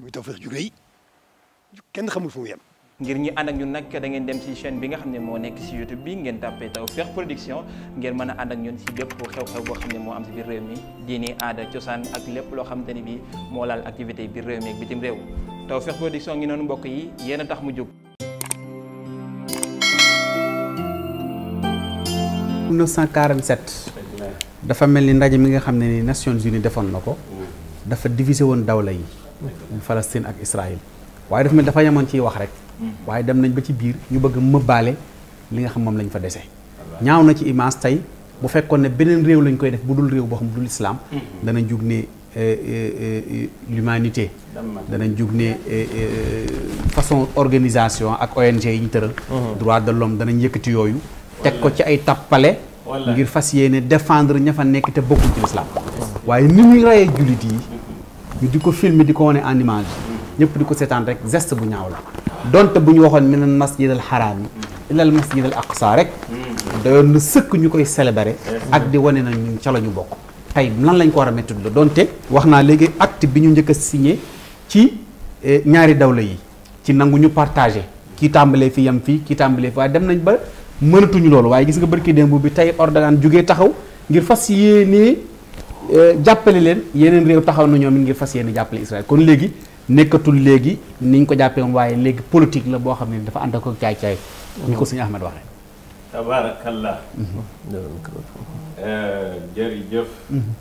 muy Tawfekh ju rëy kenn xamul fu mu ngir ñi ànd ak ñun nag da ngeen dem ci chaîne bi nga xam ne moo nekk ci YouTube bi ngeen tàppee Tawfekh Production ngeen mën a ànd ak ñun ci bépp xew-xew boo xam ne moo am ci biir réew mi diini aada cosaan ak lépp loo xamante ni bi moo laal activité biir réew mi ak bitim réew Tawfekh Production ngi noonu mbokk yi yéen a tax mu jóg. en 1947 dafa mel ni ndaje mi nga xam ne ni Nations Unies defoon na ko mm. dafa divisé woon dawla yi. muy Palestine ak Israël waaye dafa mel dafa yemoon ciy wax rek waaye dem nañ ba ci biir ñu bëgg mëbbaale li nga xam moom lañ fa dese ñaaw na ci image tey bu fekkoon ne beneen réew lañ koy def bu dul réew boo xam dul islaam danañ jug ne euh, euh, euh, l'humanité danañ jug ne façon organisation ak ONG yi ñu tëral mhm. droit de l'homme danañ yëkkati yooyu teg ko ci ay tappale ngir fas yéene défendre ña fa nekk te bokkul ci lislaam waaye ni muy rayee jullit yi ñu di ko filmer di ko wane en image ñëpp di ko seetaan rek gest bu ñaaw la donte bu ñu waxoon minal masjid al xaraam ila al masjid al aqsa rek dayoon na sëkk ñu koy célébrer ak di wane na ñun ca la ñu bokk tey lan lañ ko war a métti donte wax naa léegi acte bi ñu njëkk a signé ci eh, ñaari dawla yi ci nangu ñu partagé kii tàmbalee fi yam fii kii tàmbalee fi waaye dem nañ ba mënatuñu loolu waaye gis nga barki démb bi tey Erdogan jógee taxaw ngir fas yéenee Euh, jàppale leen yeneen réew taxaw na ñoom it ngir fas yéene jàppale Israël kon léegi nekkatul léegi niñ ko jàppee waaye léegi politique la boo xam ne dafa ànd ak ko caay-caay ñu ko suñu Ahmed waxee tabaarakallah mhm. euh, jërëjëf mhm.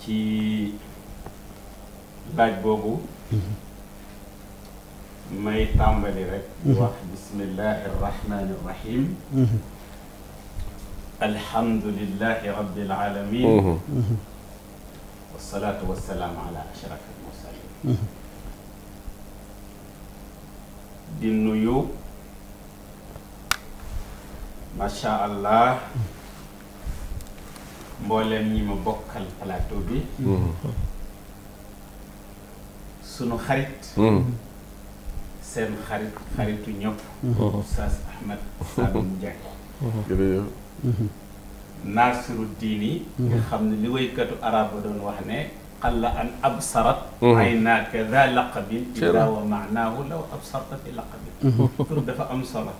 ci laaj boobu mhm. may tàmbali rek wax bismillahi rahmaani rahim alhamdulilahi rabbil alamin mm-hmm. wasalaatu wasalaam ala ashrafil mursalin di nuyu macha allah mboolem ñi ma bokkal plateau bi mm-hmm. sunu xarit mm-hmm. seen xarit xaritu ñëpp Oustaz Ahmed Saloum Diagne naasiru diini mhm. nga xam ne li waykatu arab ba doon wax ne xalla an absarat mhm. ay naaka da laqabin illa wa maanaahu law absarta fi laqabin mhm. tur dafa am solo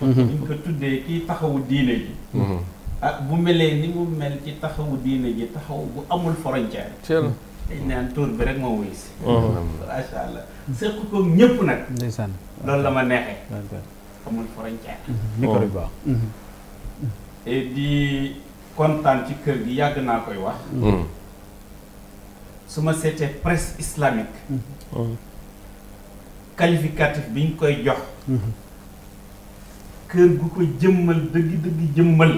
ñu ko tuddee kii taxawu diine ji ah bu melee ni mu mel ci taxawu diine ji taxaw bu amul frontière dañ naan tur bi rek moo wuy si macha allah seq ko ñëpp nag ndeysaan loolu la ma neexee amul frontière micro bi baax di kontaan ci kër gi yàgg naa koy wax. Mm. su ma seetee presse islamique. Mm. Mm. qualificatif bi ñu koy jox. kër gu ko jëmmal dëgg dëgg jëmmal.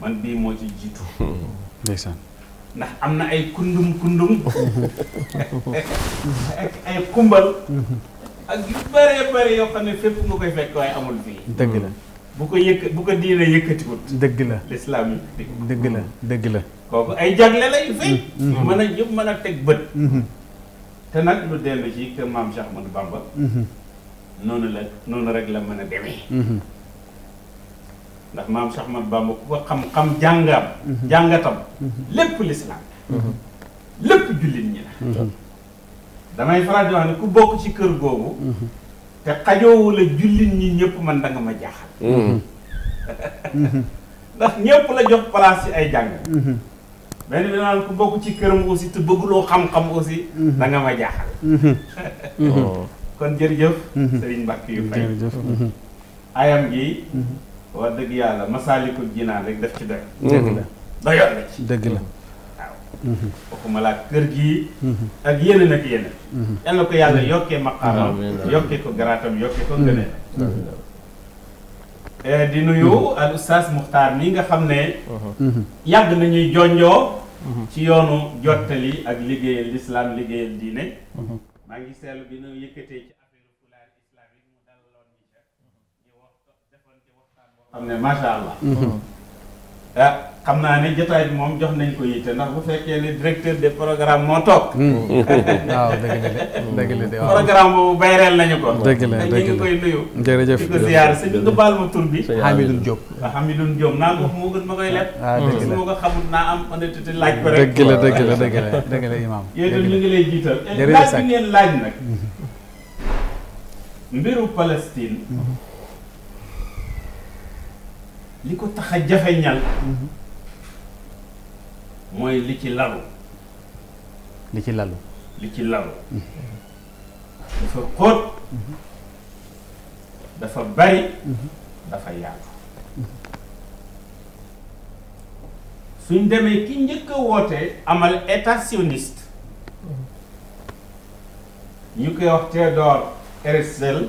man bii moo ci jiitu. ndax am na ay kundum kundum. ak ay kumbal. ak yu bëree bëri yoo xam ne fépp nga koy fekk waaye amul fii. dëgg la. bu ko yëkk bu ko diine yëkkatiwut. dëgg la lislaam yi dëgg la dëgg la. kooku ay jagle la yu fay. Mm, mm. a ñëpp mën a teg bët. Mm-hmm. te nag lu dellu ci kër maam Cheikh Bamba. Mm-hmm. noonu la noonu rek la mën a demee. Mm-hmm. ndax maam Cheikh Ahmadou Bamba ku ko xam-xam jàngam. jàngatam. lépp lislaam lépp jullit ñi la. damay faral wax ne ku bokk ci kër googu. te xajoowu la jullit ñi ñëpp man danga ma jaaxal hmm. ndax ñëpp la jox place ci ay jàng benn hmm. hmm. bi ku bokk ci këram aussi te bëgguloo xam-xam aussi da nga ma jaaxal kon jërëjëf sëriñ Mbàkke yu fay ayam gi wax dëgg yàlla masaalikul jinaan rek def ci doy dëgg la doyoon na ci dëgg la Mm-hmm. waxuma laa kër gii mm-hmm. ak yeneen ak yeneen mm-hmm. yal na ko yàlla yokkee maqaamam yokkee ko garaatam yokkee ko ngëneel eh, di nuyu al oustaz muxtaar mi nga xam ne yàgg nañuy jonjoo ci yoonu jottali ak liggéeyal lislaam liggéeyal diine maa ngi seetlu bi nu yëkkatee ci affaire fulaar islamique mu dalaloon ñu ca ñu wax defoon ci waxtaan boo xam ne macha allah ah, xam naa ni jotaay bi moom jox nañ ko yitte ndax bu fekkee ne directeur de programme moo toog. Mm. waaw dëgg la dëgg de waaw programme boobu bayreel nañu ko. dëgg la ah, ah, dëgg la dëgg la dëgg la dëgg la dëgg la dëgg la imam. yooyu itam ñu ngi lay jiital. jërëjëf laaj bi ngeen laaj nag. mbiru Palestine. Mm-hmm. li ko tax a jafe ñal mm-hmm. mooy li ci lalu. li ci lalu. li ci lalu. Mm-hmm. dafa xóot. Mm-hmm. dafa bari. Mm-hmm. dafa yaatu. suñ demee ki njëkk a wootee amal état ñu koy wax Théodore Herzl.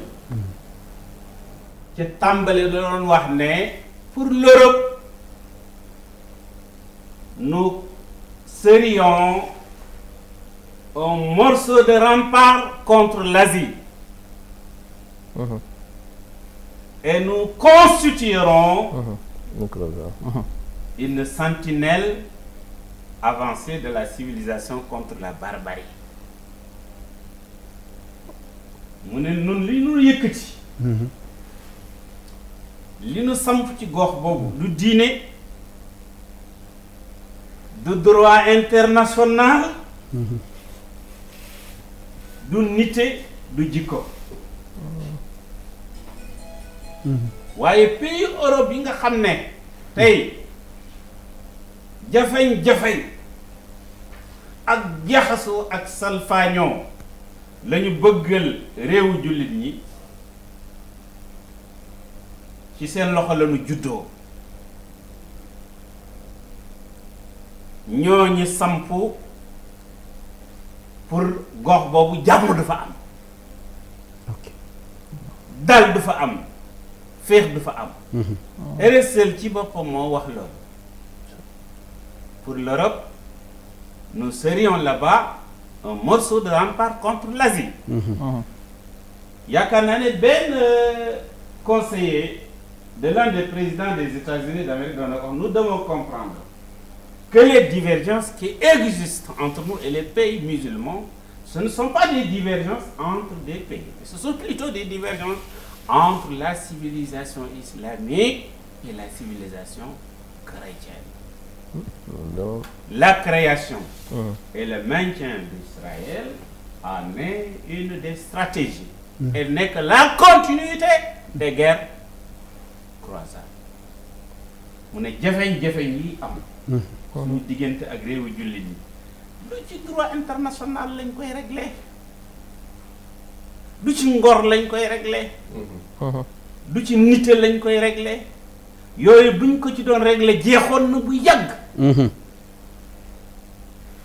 ca tàmbali da doon wax ne pour l'Europe nous serions un morceau de rempart contre l'Asie. Mmh. Et nous constituerons mmh. une sentinelle avancée de la civilisation contre la barbarie. mu ne nun li ñu yëkkati. Mm-hmm. li ñu samp ci gox boobu lu diine. du droit international mhm. du nite du jikko mhm. waaye pays Europe yi nga xam ne tey jafeñ-jafeñ ak jaxasoo ak salfaañoo lañu ñu bëggal réewu jullit ñi ci seen loxo la ñu juddoo ñooñu samp pour gox boobu jàmm du fa am dal du fa am féex du fa am mhm. RSL ci boppam moo wax loolu pour l'Europe nous serions là-bas un morceau de rempart contre l'Asie mhm. Mhm. yaakaar naa ne benn euh, conseiller de l'un des présidents des États-Unis d'Amérique doon na ko nous devons comprendre que les divergences qui existent entre nous et les pays musulmans, ce ne sont pas des divergences entre des pays, ce sont plutôt des divergences entre la civilisation islamique et la civilisation chrétienne. La création hum. et le maintien d'Israël en est une des stratégies. Hmm. Elle n'est que la continuité des guerres croisades. mu ne jafe-jafe yi am. Hmm. suñu diggante ak réew jullit yi lu ci droit international lañ koy regle du ci ngor lañ koy réglé. Hmm. du ci nite lañ koy regle yooyu buñ ko ci doon réglé jeexoon na bu yàgg. Hmm.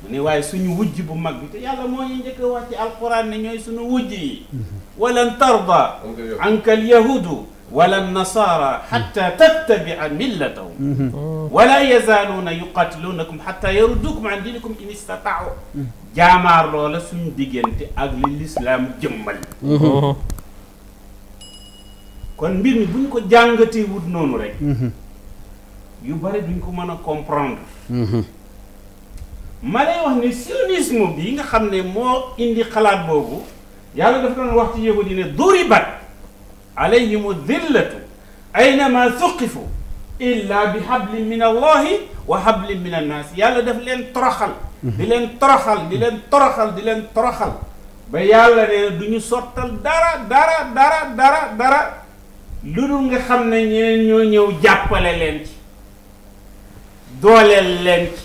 mu ne waaye suñu wujj bu mag bi te yàlla moo njëkk wax ci alquran ne ñooy suñu wujj yi. walan tarda anka al wala nasaara xatta tattabia millatahum wala yazaaluuna yuqatiluunakum xatta yaruddukum an dinikum in istataau jaamaar loola suñu diggante ak li lislaam jëmmal kon mbir mi bu ñu ko jàngatee noonu rek yu bari duñ ko mën a comprendre ma lay wax ni sionisme bi nga xam ne moo indi xalaat boobu yàlla dafa doon wax ci yahudi ne duribat alayhimu dillatu aynama suqifu illa bi hablin min allahi wa hablin min annaas yàlla daf leen toroxal mhm. di leen toroxal di leen toroxal di leen toroxal ba yàlla nee du ñu sottal dara dara dara dara dara lu dul nga xam ne ñeneen ñoo ñëw jàppale leen ci dooleel leen ci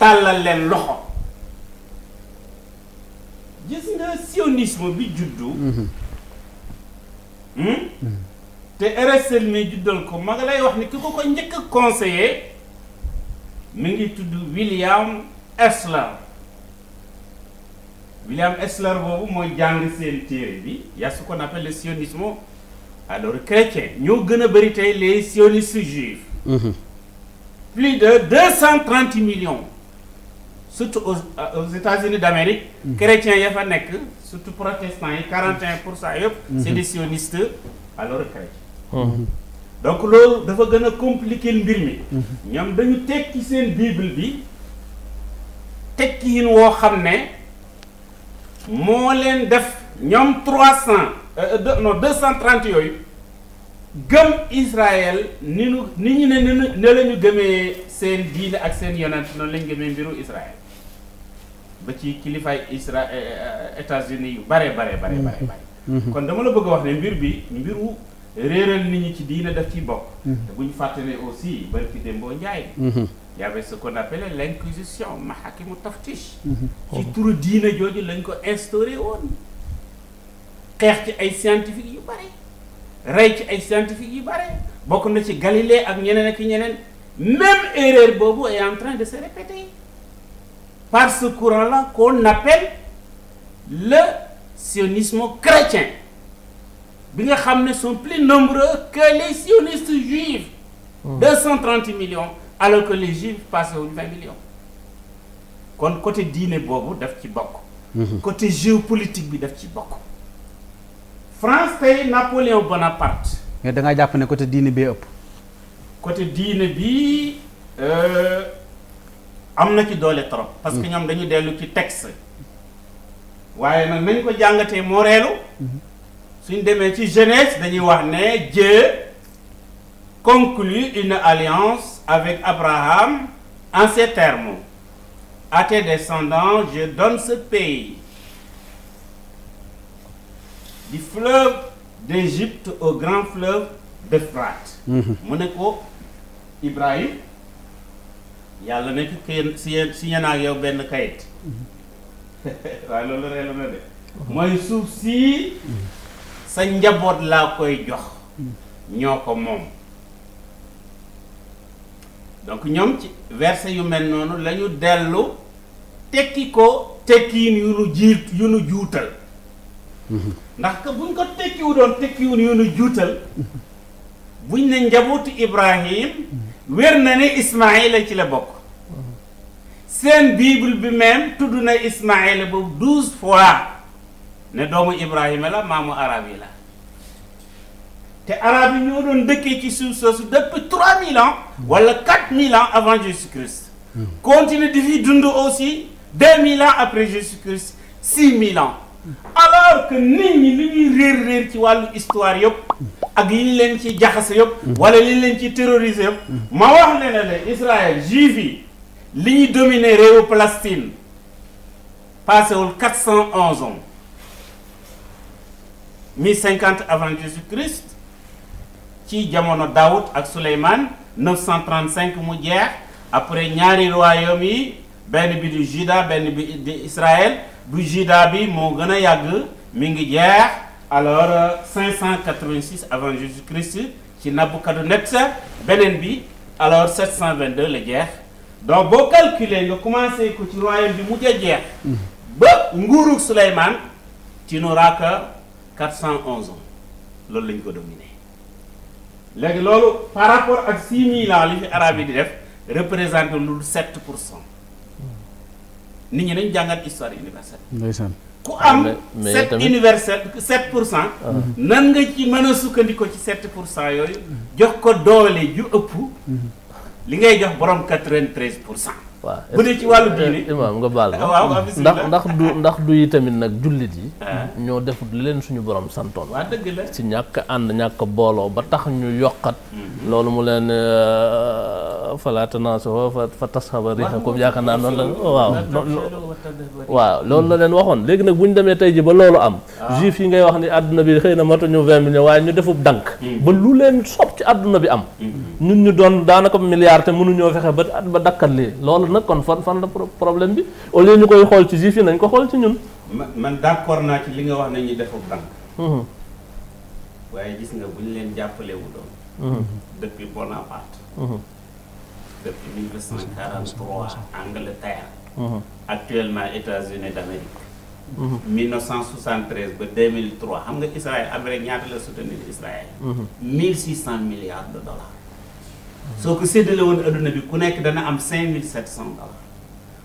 tàllal leen loxo gis nga sionisme bi juddu mhm. te RSL mi juddal ko ma nga lay wax ni ki ko ko njëkk a conseiller mi ngi tudd William Esler William Esler boobu mooy jàng seen téere bi yaa su qu'on appelle le sionisme alors chrétien ñoo gën a bëri tey les sionistes juifs. Mhm. plus de deux cent trente millions. surtout aux euh, aux États-Unis d'Amérique. Mhm. chrétiens ya fa nekk surtout protestants yi 41 pour cent yëpp. Mhm. c'est alors chrétiens. Oh. Mhm. donc loolu dafa gën a compliquer mbir mi. ñoom dañu tekki seen bible bi tekki yin woo xam ne moo leen def ñoom 300 euh, euh, non 230 yooyu gëm Israël ni ñu ni ñu ne ne la ñu gëmee seen diine ak seen yonent noonu la ñu gëmee mbiru Israël. ba ci kilifaay Isra eh, eh, eh, États-Unis yu bare bare bare bare mhm. Mhm. kon dama la bëgg a wax ne mbir bi mbiru réeral nit ñi ci diina daf ciy bokk mhm. te bu ñu fàttali aussi bari fi démboo njaay y avait ce qu'on appelait l'inquisition mahakimu taftish ci oh. turu diina jooju lañ ko instauré woon xeex ci ay scientifique yu bare rey ci ay scientifique yu bare bokk na ci Galilée ak ñeneen ak ñeneen même erreur boobu est en train de se répéter parce ce courant la qu'on appelle le sionisme chrétien bi nga xam ne sont plus nombreux que les sionistes juifs. 230 hmm. millions alors que les juifs passé wuñ millions. kon côté diine boobu daf ci bokk. Hmm. côté géopolitique bi daf ci bokk. France tey Napoléon Bonaparte. mais da jàpp ne côté diine bee ëpp. côté diine bi. Euh, am na ci doole trop. parce que mm. ñoom dañu dellu ci texte. waaye nag nañ ko jàngatee moo reelu suñ demee ci jeunesse dañuy wax ne Dieu conclut une alliance avec Abraham en ces termes à tes descendants je donne ce pays du fleuve d'Égypte au grand fleuve d'Euphrate mm-hmm. mu ne ko Ibrahim yàlla nekk kii si yéen si yéen ak yow benn kayit waaye loolu reelu na de mm-hmm. mooy suuf sii mm-hmm. sa njaboot laa koy jox mm-hmm. ñoo ko moom donc ñoom ci verset yu mel noonu la dellu tekki ko tekkiin yu nu jiit yu nu juutal ndax que buñ ko tekkiwu doon tekkiwun yu nu juutal buñ ne njabootu Ibrahim wér na ni Ismaayila ci la bokk seen bible bi même tudd na Ismaayila boobu douze fois ne doomu Ibrahima la maamu arab yi la te arab yi ñoo doon dëkkee ci suuf soosu depuis trois mille ans wala quatre mille ans avant Jésus-Christ hmm. continue di fi dund aussi deux mille ans après Jésus-Christ six mille ans alors que nit ñi li ñuy réer réer ci wàllu histoire yëpp ak li leen ci jaxase yëpp wala li leen ci terroriser yëpp ma wax ne ne ne Israël juif li ñuy dominer réewu Palestine passewul quatre cent onze ans mille cinquante avant Jésus-Christ ci jamono dawut ak Souleymane neuf cent cinq mu jeex après ñaari royaume yi benn bi di Juda benn bi di Israël bu juda bi moo gën a yàgg mi ngi jeex alors 586 euh, avant Jésus-Christ ci Nabucodonosor beneen bi alors 722 la jeex donc boo calculer nga commencé ko ci royaume bi mujj a jeex ba nguurug Souleymane ci nu raaka loolu lañ ko dominé léegi loolu par rapport ak 6000 ans li fi arabe yi di def représenté lu 7 pour cent nit ñi nañ jàngat histoire universelle. ndeysaan ku am. mais sept universelle sept pour cent. Ah. nan nga ci mën a sukkandiku ci sept pour cent yooyu. jox ko doole ju ëpp. li ngay jox borom quatre-vingt-treize pour cent. waaw bu ci wàllu diine eh, imaam nga baal ma ndax ndax du ndax du yi tamit nag jullit yi ah. ñoo defut li leen suñu borom santoon waa dëgg la ci ñàkk ànd ñàkk booloo ba tax ñu yokkat hmm. loolu mu leen euh, fala tanaasoo fa fa tasxaba riixakum yaakaar naa noonu la waaw waaw loolu la leen waxoon léegi nag bu ñu demee tey ji ba loolu am ah. juif yi ngay wax ni àdduna bi xëy na matuñu vingt millions waaye ñu defub hmm. ba lu leen sob bi am hmm. ñun ñu doon daanaka milliard te mënuñoo fexe ba ba dakkal lii loolu nag kon fan fan la problème bi au lieu ñu koy xool ci juif yi nañ ko xool ci ñun man d'accord naa ci li nga wax ne ñu defub dank hmm. waaye gis nga bu ñu depuis 1943 Angleterre. actuellement États-Unis d'Amérique. 1973 uh-huh. ba 2003 xam nga Israël Amérique ñaata la soutenir Israël. 1600 uh-huh. milliards de dollars. soo ko séddale woon adduna bi ku nekk dana am mille 5700 dollars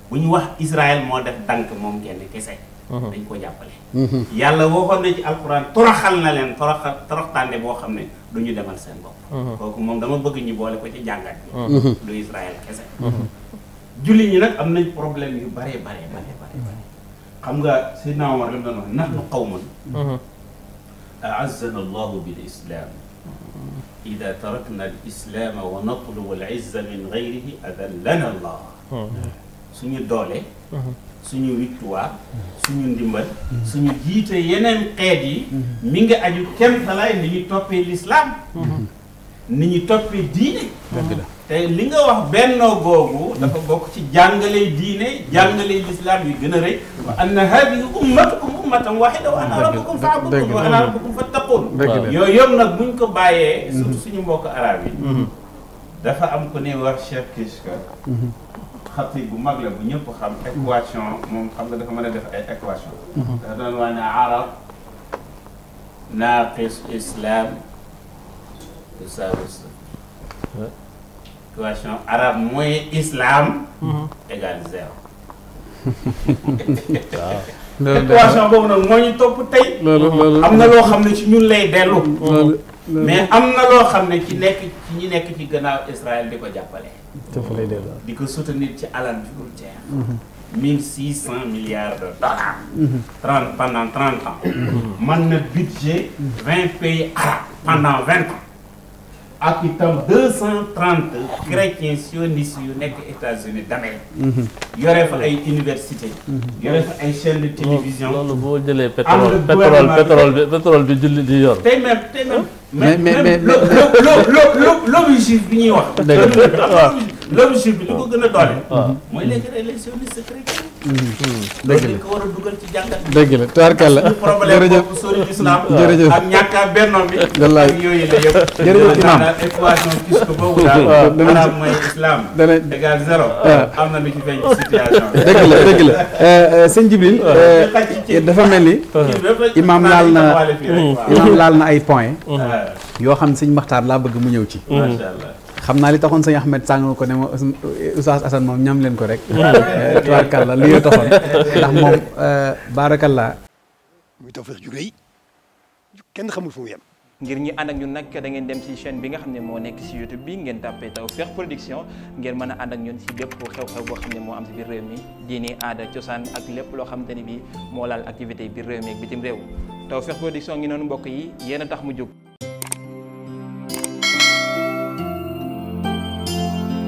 bu ñu wax Israël moo def dànk moom kenn kese. Uh-huh. dañ ko jàppale uh-huh. yàlla waxoon na ci alxuraan toroxal na leen toroxal toroxtaande boo xam ne du ñu demal seen bopp uh-huh. kooku moom dama bëgg ñu boole ko ci jàngat bi du Israël kese julli ñi nag am nañ problème yu bare bare bare bare xam nga Seydina Omar lim doon wax nahnu qawmun a'azzana allahu bil islam ida tarakna al islaama wa natlubu al izza min gayrihi adallana allah suñu doole suñu victoire suñu ndimbal suñu jiite yeneen xeet yi mi ngi aju kenn talaay ni ñu toppee lislaam ni ñu toppee diine te li nga wax bennoo googu dafa bokk ci jàngalee diine jàngale lislaam yi gën a rëy wa anna haadihi ummatukum ummatan waahida wa ana rabbukum fa'budun wa ana rabbukum fattaqun yooyu yëpp nag buñ ko bàyyee mhm. surtout suñu mbokk arab yi mhm. dafa am ko ne wax Cheikh Kishka mhm. xatib bu mag la bu ñëpp xam équation moom xam nga dafa mën a def ay équation mhm. dafa doon wax ne arab naaqis islam tusawis arab mooy islam mhm. égal boobu nag moo ñu topp tey am na loo xam ne ci ñun lay dellu mais am na loo xam ne ci nekk ci ñi nekk ci gannaaw Israël di ko jàppale di ko soutenir ci alal ju dul jeex mhm. mille six cent milliards de dollars mhm. trente pendant trente ans mhm. na budget pays arabes pendant vingt ans ak itam deux cent trente chrétiens sionistes yu nekk États-Unis d'Amérique mm-hmm. yore fa ay université mm-hmm. yore fa ay chaîne de télévision loolu boo jëlee pétrole pétrole pétrole pétrole bi julli di yor tey même tey même ah. mais mais mais lobby juif bi ñuy wax lobby juif bi li ko gën a doole ah. mooy les les sionistes chrétiens Mmh. dëgg la ko war dëgg la tubaarkàlla jërëjëf suñu islam jërëjëf ak ñàkk a bennoon bi. Ah. bi. dëgg dafa mel ni. imaam laal na imaam laal na ay points. Ah. yoo xam ne sëñ Maxtaar laa bëgg mu ñëw ci. xam naa li taxoon sëñ Ahmed sàng ko ne ma Oustaz Assane moom ñam leen ko rek. Eh, tubaarkàlla li yoo taxoon ndax moom eh, baarakàllaa. muy tawfeex ju rëy kenn xamul fu mu ngir ñu ànd ak ñun nag da ngeen dem ci chaine bi nga xam ne moo nekk ci YouTube bi ngeen tàppee Tawfekh Production ngeen mën a ànd ak ñun ci bépp xew-xew boo xam ne moo am ci biir réew mi diini aada cosaan ak lépp loo xamante ni bi moo laal activité biir réew mi ak bitim réew Tawfekh Production a tax mu